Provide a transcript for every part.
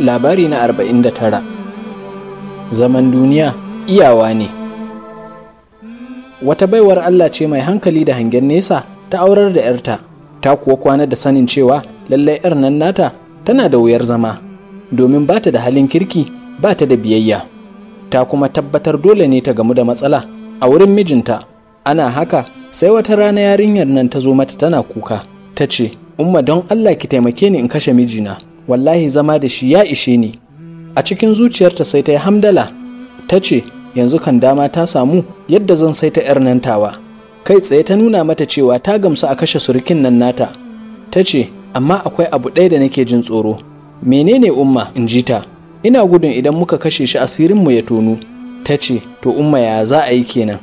labari na 49 zaman duniya iyawa ne wata baiwar allah ce mai hankali da hangen nesa ta aurar da 'yarta ta kuwa kwana da sanin cewa lallai 'yar nan nata tana da wuyar zama domin ba ta da halin kirki ba ta da biyayya ta kuma tabbatar dole ne ta gamu da matsala a wurin mijinta ana haka sai wata rana yarinyar nan ta zo mata tana kuka ta ce umma don allah ki taimake ni in kashe mijina wallahi zama da shi ya ishe ni a cikin zuciyarta sai ta yi hamdala ta ce yanzu kan dama ta samu yadda zan sai ta 'yar nan kai tsaye ta nuna mata cewa ta gamsu a kashe surukin nan nata ta ce amma akwai abu ɗaya da nake jin tsoro menene umma in ji ta ina gudun idan muka kashe shi asirin mu ya tonu ta ce to umma ya za a yi kenan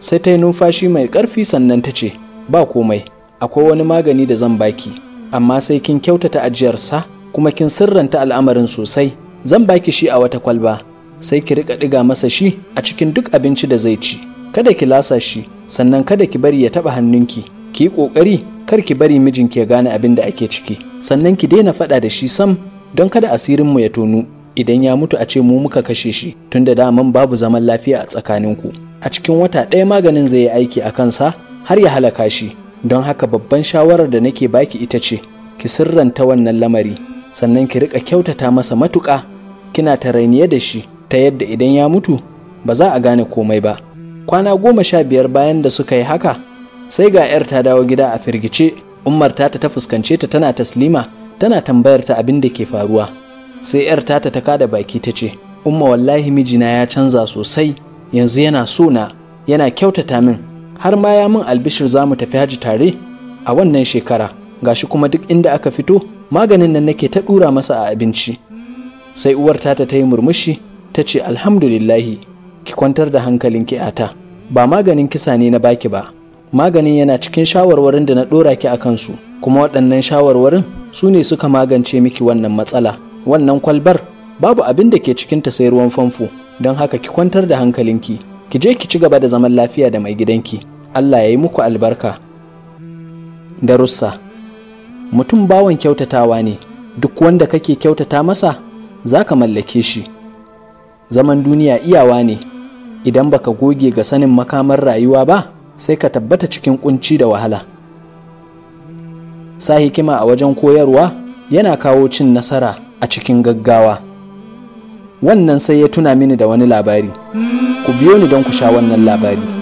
sai ta yi numfashi mai ƙarfi sannan ta ce ba komai akwai wani magani da zan baki amma sai kin kyautata ajiyarsa kuma kin sirranta al'amarin sosai zan baki shi a wata kwalba sai ki rika diga masa shi a cikin duk abinci da zai ci kada ki lasa shi sannan kada ki bari ya taba hannunki ki yi kokari kar ki bari mijinki ya gane abin da ake ciki sannan ki daina faɗa da shi sam don kada asirinmu ya tonu idan ya mutu a ce mu muka kashe shi tunda daman babu zaman lafiya a tsakaninku a cikin wata ɗaya maganin zai yi aiki a kansa har ya halaka shi don haka babban shawarar da nake baki ita ce ki sirranta wannan lamari sannan ki rika kyautata masa matuƙa kina ta rainiye da shi ta yadda idan ya mutu ba za a gane komai ba kwana goma sha biyar bayan da suka yi haka sai ga 'yar ta dawo gida a firgice ummar tata ta fuskance ta tana taslima tana tambayar ta abin da ke faruwa sai 'yar tata ta kada baki ta ce umma wallahi mijina ya canza sosai yanzu yana so na. yana kyautata min har ma ya min albishir za mu tafi haji tare a wannan shekara gashi kuma duk inda aka fito maganin nan nake ta ɗura masa a abinci sai uwar tata ta yi murmushi ta ce alhamdulillahi ki kwantar da hankalin ki ata ba maganin kisa ne na baki ba maganin yana cikin shawarwarin da na ɗora ki a su kuma waɗannan shawarwarin su ne suka magance miki wannan matsala wannan kwalbar babu abin da ke ta sai ruwan famfo don haka ki kwantar da hankalinki ki je ki ci gaba da zaman lafiya da mai gidanki Allah ya yi muku albarka darussa mutum bawan kyautatawa ne duk wanda kake kyautata masa za ka mallake shi zaman duniya iyawa ne idan baka goge ga sanin makamar rayuwa ba sai ka tabbata cikin kunci da wahala sa hikima a wajen koyarwa yana kawo cin nasara a cikin gaggawa wannan sai ya tuna mini da wani labari ku biyo ni don ku sha wannan labari